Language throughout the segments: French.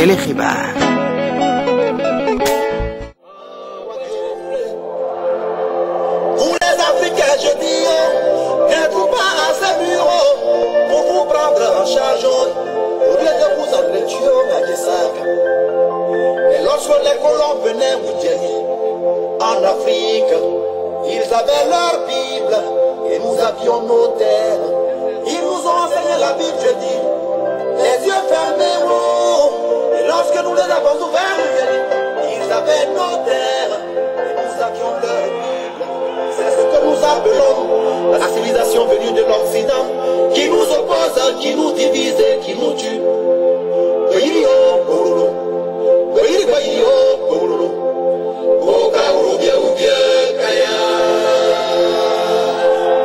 Elegiba. la civilisation venue de l'Occident, qui nous oppose, qui nous divise et qui nous tue.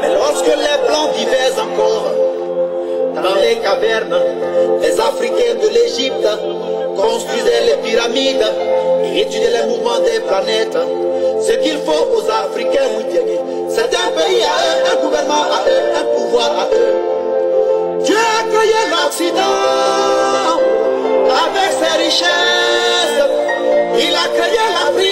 Mais lorsque les plans vivaient encore dans les cavernes, les Africains de l'Égypte construisaient les pyramides et étudiaient les mouvements des planètes. Ce qu'il faut aux Africains, oui, un pays à eux, un gouvernement à eux, un pouvoir à eux. Dieu a créé l'Occident avec ses richesses. Il a créé l'Afrique.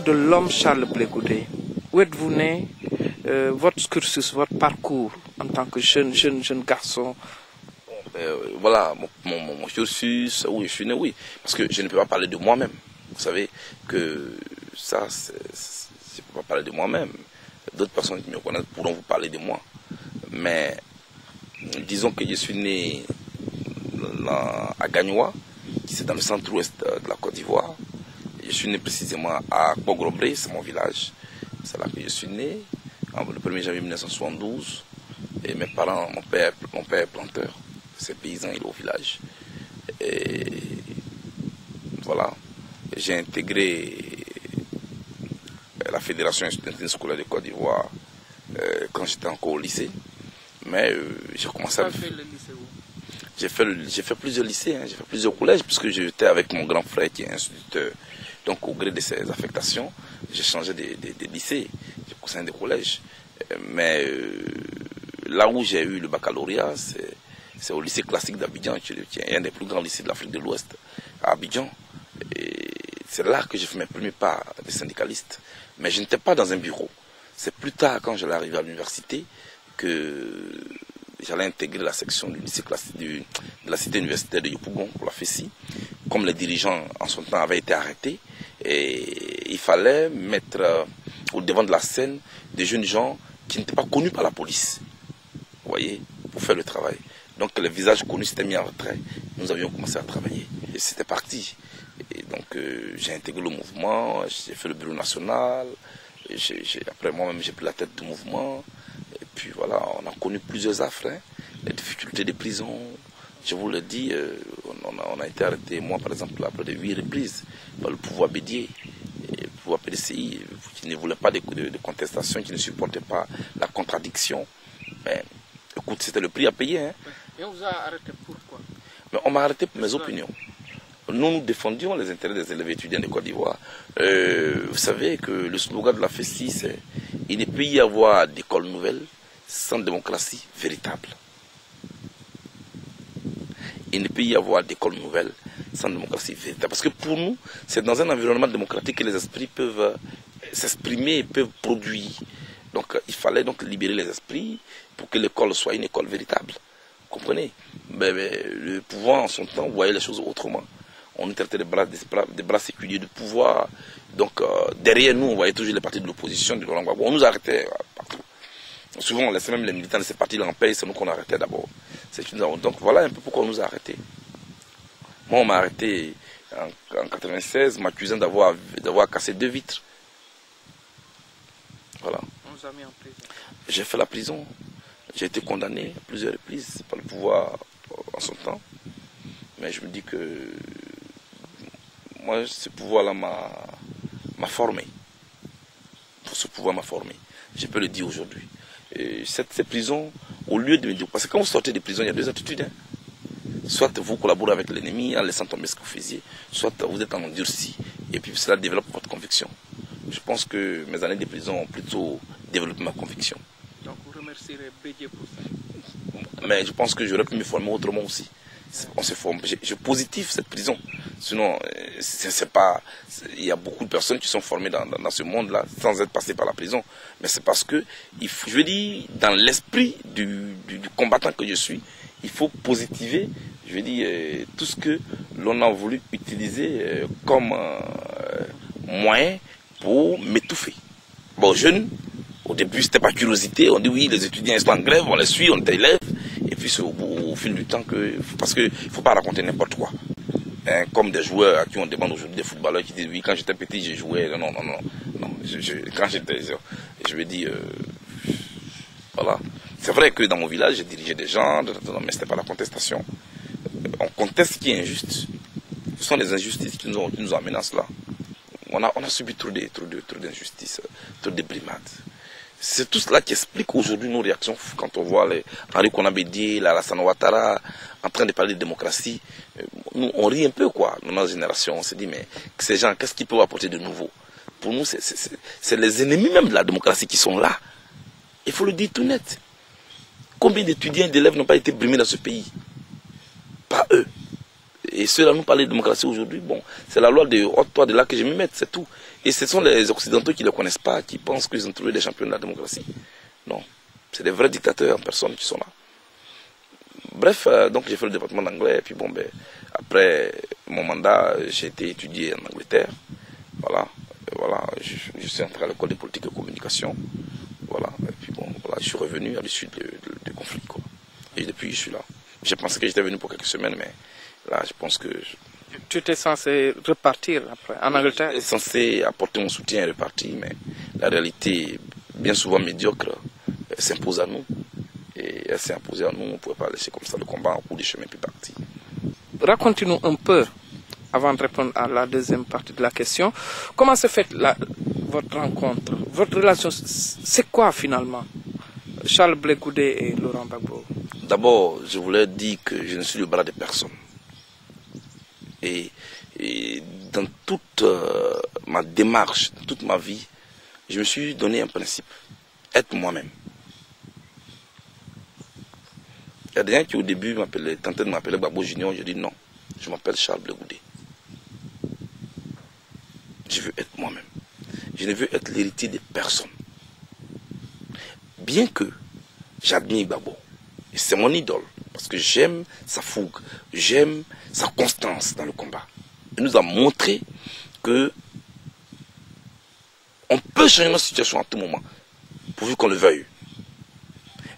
de l'homme Charles Blégoudé. Où êtes-vous né euh, Votre cursus, votre parcours en tant que jeune, jeune, jeune garçon ben, euh, Voilà, mon, mon, cursus, où je suis né, oui. Parce que je ne peux pas parler de moi-même. Vous savez que ça, je ne peux pas parler de moi-même. D'autres personnes qui me connaissent pourront vous parler de moi. Mais disons que je suis né à Gagnois, qui c'est dans le centre-ouest de la Côte d'Ivoire. Je suis né précisément à Pogrobé, c'est mon village. C'est là que je suis né, le 1er janvier 1972. Et mes parents, mon père, mon père est planteur. C'est paysan, il est au village. Et voilà, j'ai intégré euh, la Fédération de scolaire de Côte d'Ivoire euh, quand j'étais encore au lycée. Mais euh, j'ai commencé à... Fait le lycée j'ai fait, j'ai fait plusieurs lycées, hein. j'ai fait plusieurs collèges, puisque j'étais avec mon grand frère qui est instituteur donc au gré de ces affectations, j'ai changé de, de, de lycée, j'ai passé des collège. Euh, mais euh, là où j'ai eu le baccalauréat, c'est au lycée classique d'Abidjan, qui est un des plus grands lycées de l'Afrique de l'Ouest, à Abidjan. c'est là que j'ai fait mes premiers pas de syndicaliste. Mais je n'étais pas dans un bureau. C'est plus tard, quand j'allais arriver à l'université, que j'allais intégrer la section du lycée classique de la cité universitaire de Yopougon pour la FESI. Comme les dirigeants en son temps avaient été arrêtés, et il fallait mettre euh, au devant de la scène des jeunes gens qui n'étaient pas connus par la police, vous voyez, pour faire le travail. Donc le visage connu s'était mis en retrait. Nous avions commencé à travailler. Et c'était parti. Et donc euh, j'ai intégré le mouvement, j'ai fait le bureau national. après moi-même, j'ai pris la tête du mouvement. Et puis voilà, on a connu plusieurs affres, hein. les difficultés des prisons. Je vous le dis, euh, on a, été arrêté, moi par exemple, à près de huit reprises par le pouvoir bédier, le pouvoir PDCI, qui ne voulait pas de, contestation, qui ne supportait pas la contradiction. Mais écoute, c'était le prix à payer. Hein. Et on vous a arrêté pourquoi Mais on m'a arrêté pour mes opinions. Nous, nous défendions les intérêts des élèves étudiants de Côte d'Ivoire. Euh, vous savez que le slogan de la FESI, c'est « Il ne peut y avoir d'école nouvelle sans démocratie véritable » il ne peut y avoir d'école nouvelle sans démocratie véritable. Parce que pour nous, c'est dans un environnement démocratique que les esprits peuvent euh, s'exprimer et peuvent produire. Donc euh, il fallait donc libérer les esprits pour que l'école soit une école véritable. Vous comprenez mais, ben, ben, Le pouvoir en son temps voyait les choses autrement. On nous traitait des bras, des bras, séculiers de pouvoir. Donc euh, derrière nous, on voyait toujours les partis de l'opposition, du On nous arrêtait partout. Souvent, on laissait même les militants de ces partis-là en paix, c'est nous qu'on arrêtait d'abord. Donc voilà un peu pourquoi on nous a arrêtés. Moi, on m'a arrêté en 1996, m'accusant d'avoir cassé deux vitres. Voilà. On nous a mis en prison. J'ai fait la prison. J'ai été condamné à plusieurs reprises par le pouvoir euh, en son temps. Mais je me dis que moi, ce pouvoir-là m'a formé. ce pouvoir m'a formé. Je peux le dire aujourd'hui. Cette, cette prison au lieu de me dire, parce que quand vous sortez de prison, il y a deux attitudes. Hein. Soit vous collaborez avec l'ennemi en laissant tomber ce que vous faisiez, soit vous êtes en endurci, et puis cela développe votre conviction. Je pense que mes années de prison ont plutôt développé ma conviction. Donc vous remercierez Bédier pour ça Mais je pense que j'aurais pu me former autrement aussi. On se forme. Je, positif cette prison. Sinon, euh, c'est pas. Il y a beaucoup de personnes qui sont formées dans, ce monde-là sans être passées par la prison. Mais c'est parce que, je veux dire, dans l'esprit du, combattant que je suis, il faut positiver, je veux dire, euh, tout ce que l'on a voulu utiliser euh, comme moyen pour m'étouffer. Bon, jeune, au début, c'était pas curiosité. On dit oui, les étudiants ils sont en grève, on les suit, on les élève. Et puis au, fil du temps que, parce qu'il ne faut pas raconter n'importe quoi. Hein, comme des joueurs à qui on demande aujourd'hui des footballeurs qui disent oui quand j'étais petit j'ai joué non non non non quand j'étais je me dis euh, voilà c'est vrai que dans mon village j'ai dirigé des gens mais c'était pas la contestation euh, on conteste ce qui est injuste ce sont les injustices qui nous ont, nous à cela on a on a subi trop trop de d'injustices trop de brimades c'est tout cela qui explique aujourd'hui nos réactions quand on voit les Henri Konabedi, Alassane Ouattara en train de parler de démocratie. Euh, nous, on rit un peu, quoi, notre génération. On se dit, mais ces gens, qu'est-ce qu'ils peuvent apporter de nouveau Pour nous, c'est les ennemis même de la démocratie qui sont là. Il faut le dire tout net. Combien d'étudiants et d'élèves n'ont pas été brimés dans ce pays Pas eux. Et ceux qui nous parler de démocratie aujourd'hui, bon, c'est la loi de haute toi de là que je me mettre, c'est tout. Et ce sont les Occidentaux qui ne le connaissent pas, qui pensent qu'ils ont trouvé des champions de la démocratie. Non, c'est des vrais dictateurs en personne qui sont là. Bref, euh, donc j'ai fait le département d'anglais, puis bon, ben, après mon mandat, j'ai été étudié en Angleterre. Voilà, voilà, je, suis entré à l'école de politique et communication. Voilà, et puis bon, voilà, je suis revenu à l'issue du conflit, Et depuis, je suis là. Je pensais que j'étais venu pour quelques semaines, mais Là, je pense que... Tu étais censé repartir après, en Angleterre J'étais censé apporter mon soutien et repartir, mais la réalité, bien souvent médiocre, s'impose à nous. Et elle s'est imposée à nous, on ne pouvait pas laisser comme ça le combat en cours du chemin plus parti. Raconte-nous un peu, avant de répondre à la deuxième partie de la question, comment se fait votre rencontre, votre relation, c'est quoi finalement Charles Blé et Laurent Bagbo D'abord, je voulais dire que je ne suis le bras de personne. Et, dans toute euh, ma démarche, toute ma vie, je me suis donné un principe. Être moi-même. Il y a des gens qui au début tentaient de m'appeler Babo Junior, je dis non, je m'appelle Charles Blegoudé. Je veux être moi-même. Je ne veux être l'héritier de personne. Bien que j'admire Babo, c'est mon idole, parce que j'aime sa fougue, j'aime sa constance dans le combat. Il nous a montré que on peut changer notre situation à tout moment, pourvu qu'on le veuille.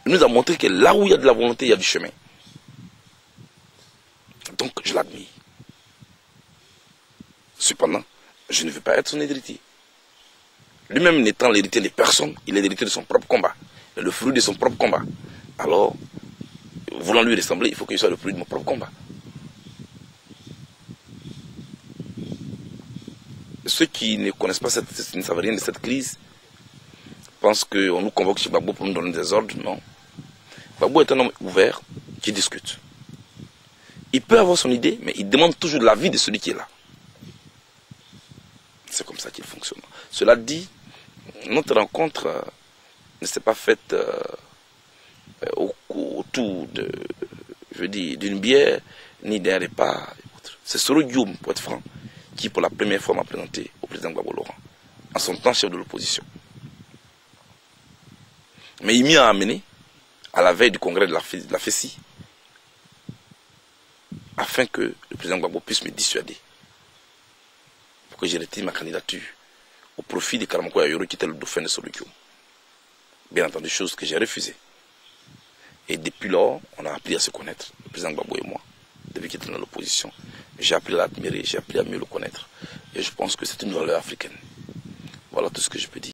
Il nous a montré que là où il y a de la volonté, il y a du chemin. Donc, je l'admire. Cependant, je ne veux pas être son héritier. Lui-même n'étant l'héritier de personne, il est l'héritier de son propre combat, le fruit de son propre combat. Alors, voulant lui ressembler, il faut qu'il soit le fruit de mon propre combat. Ceux qui ne connaissent pas cette, ne savent rien de cette crise, pensent qu'on nous convoque chez Babou pour nous donner des ordres. Non. Babou est un homme ouvert qui discute. Il peut avoir son idée, mais il demande toujours l'avis de celui qui est là. C'est comme ça qu'il fonctionne. Cela dit, notre rencontre euh, ne s'est pas faite euh, euh, au de, je d'une bière, ni d'un repas. C'est Soro Dioum, pour être franc, qui pour la première fois m'a présenté au président Gbagbo Laurent, en son temps chef de l'opposition. Mais il m'y a amené à la veille du congrès de la, de afin que le président Gbagbo puisse me dissuader pour que j'ai retiré ma candidature au profit de Karamoko Yoro qui était le dauphin de Soro Bien entendu, chose que j'ai refusée. Et depuis lors, on a appris à se connaître, le président Gbagbo et moi, depuis qu'il était dans l'opposition. J'ai appris à l'admirer, j'ai appris à mieux le connaître. Et je pense que c'est une valeur africaine. Voilà tout ce que je peux dire.